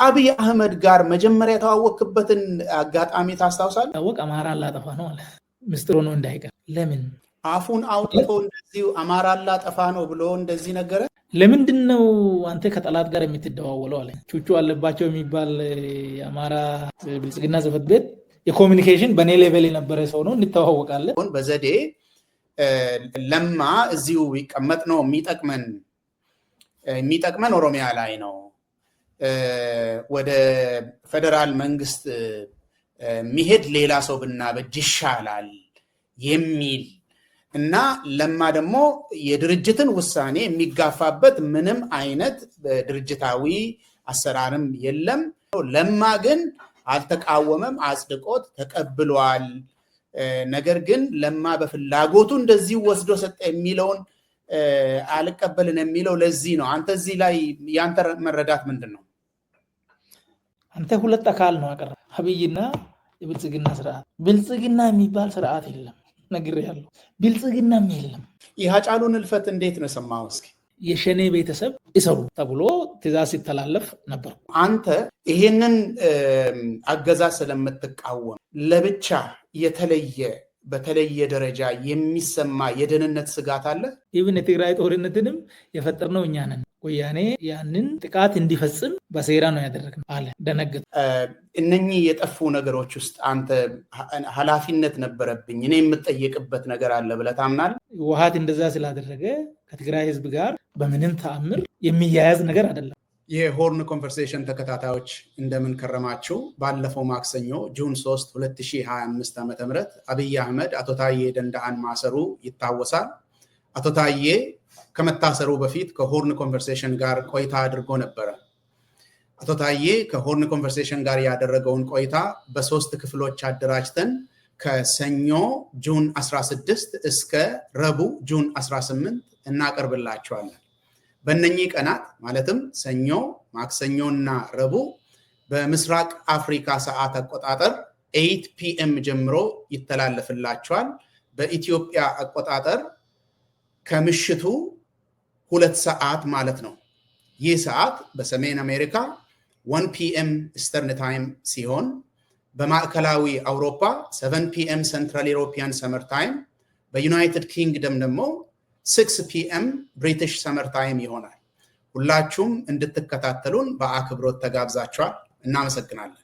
ከአብይ አህመድ ጋር መጀመሪያ የተዋወክበትን አጋጣሚ ታስታውሳለህ? ታወቅ አማራ አላጠፋ ነው አለ። ምስጢር ነው እንዳይቀር ለምን አፉን አውጥቶ እንደዚሁ አማራ አላጠፋ ነው ብሎ እንደዚህ ነገረ። ለምንድን ነው አንተ ከጠላት ጋር የምትደዋወለው አለ። ቹቹ አለባቸው የሚባል የአማራ ብልጽግና ጽፈት ቤት የኮሚኒኬሽን በእኔ ሌቨል የነበረ ሰው ነው፣ እንተዋወቃለን። በዘዴ ለማ እዚሁ ይቀመጥ ነው የሚጠቅመን የሚጠቅመን ኦሮሚያ ላይ ነው ወደ ፌዴራል መንግስት የሚሄድ ሌላ ሰው ብናበጅ ይሻላል የሚል እና ለማ ደግሞ የድርጅትን ውሳኔ የሚጋፋበት ምንም አይነት ድርጅታዊ አሰራርም የለም። ለማ ግን አልተቃወመም፣ አጽድቆት ተቀብሏል። ነገር ግን ለማ በፍላጎቱ እንደዚህ ወስዶ ሰጠ የሚለውን አልቀበልን የሚለው ለዚህ ነው። አንተ እዚህ ላይ ያንተ መረዳት ምንድን ነው? አንተ ሁለት አካል ነው አቀረ አብይና የብልጽግና ስርዓት። ብልጽግና የሚባል ስርዓት የለም፣ ያለ ብልጽግናም የለም። የሀጫሉን እልፈት እንዴት ነው ሰማው እስኪ የሸኔ ቤተሰብ ይሰሩ ተብሎ ትእዛዝ ሲተላለፍ ነበር። አንተ ይሄንን አገዛዝ ስለምትቃወም ለብቻ የተለየ በተለየ ደረጃ የሚሰማ የደህንነት ስጋት አለ? ኢብን የትግራይ ጦርነትንም የፈጠርነው እኛ ነን። ወያኔ ያንን ጥቃት እንዲፈጽም በሴራ ነው ያደረግነው አለ። ደነገጥ። እነኚህ የጠፉ ነገሮች ውስጥ አንተ ኃላፊነት ነበረብኝ እኔ የምጠየቅበት ነገር አለ ብለህ ታምናለህ? ህወሓት እንደዛ ስላደረገ ከትግራይ ህዝብ ጋር በምንም ተአምር የሚያያዝ ነገር አይደለም። የሆርን ኮንቨርሴሽን ተከታታዮች እንደምን ከረማችሁ? ባለፈው ማክሰኞ ጁን 3 2025 ዓ ም አብይ አህመድ አቶ ታዬ ደንዳአን ማሰሩ ይታወሳል። አቶ ታዬ ከመታሰሩ በፊት ከሆርን ኮንቨርሴሽን ጋር ቆይታ አድርጎ ነበረ። አቶ ታዬ ከሆርን ኮንቨርሴሽን ጋር ያደረገውን ቆይታ በሶስት ክፍሎች አደራጅተን ከሰኞ ጁን 16 እስከ ረቡ ጁን 18 እናቀርብላችኋለን። በነኚህ ቀናት ማለትም ሰኞ፣ ማክሰኞና ረቡዕ በምስራቅ አፍሪካ ሰዓት አቆጣጠር ኤይት ፒኤም ጀምሮ ይተላለፍላቸዋል። በኢትዮጵያ አቆጣጠር ከምሽቱ ሁለት ሰዓት ማለት ነው። ይህ ሰዓት በሰሜን አሜሪካ ዋን ፒኤም ኢስተርን ታይም ሲሆን በማዕከላዊ አውሮፓ ሰቨን ፒኤም ሰንትራል ኢሮፒያን ሰመር ታይም፣ በዩናይትድ ኪንግደም ደግሞ ስክስ ፒኤም ብሪቲሽ ሰመር ታይም ይሆናል። ሁላችሁም እንድትከታተሉን በአክብሮት ተጋብዛችኋል። እናመሰግናለን።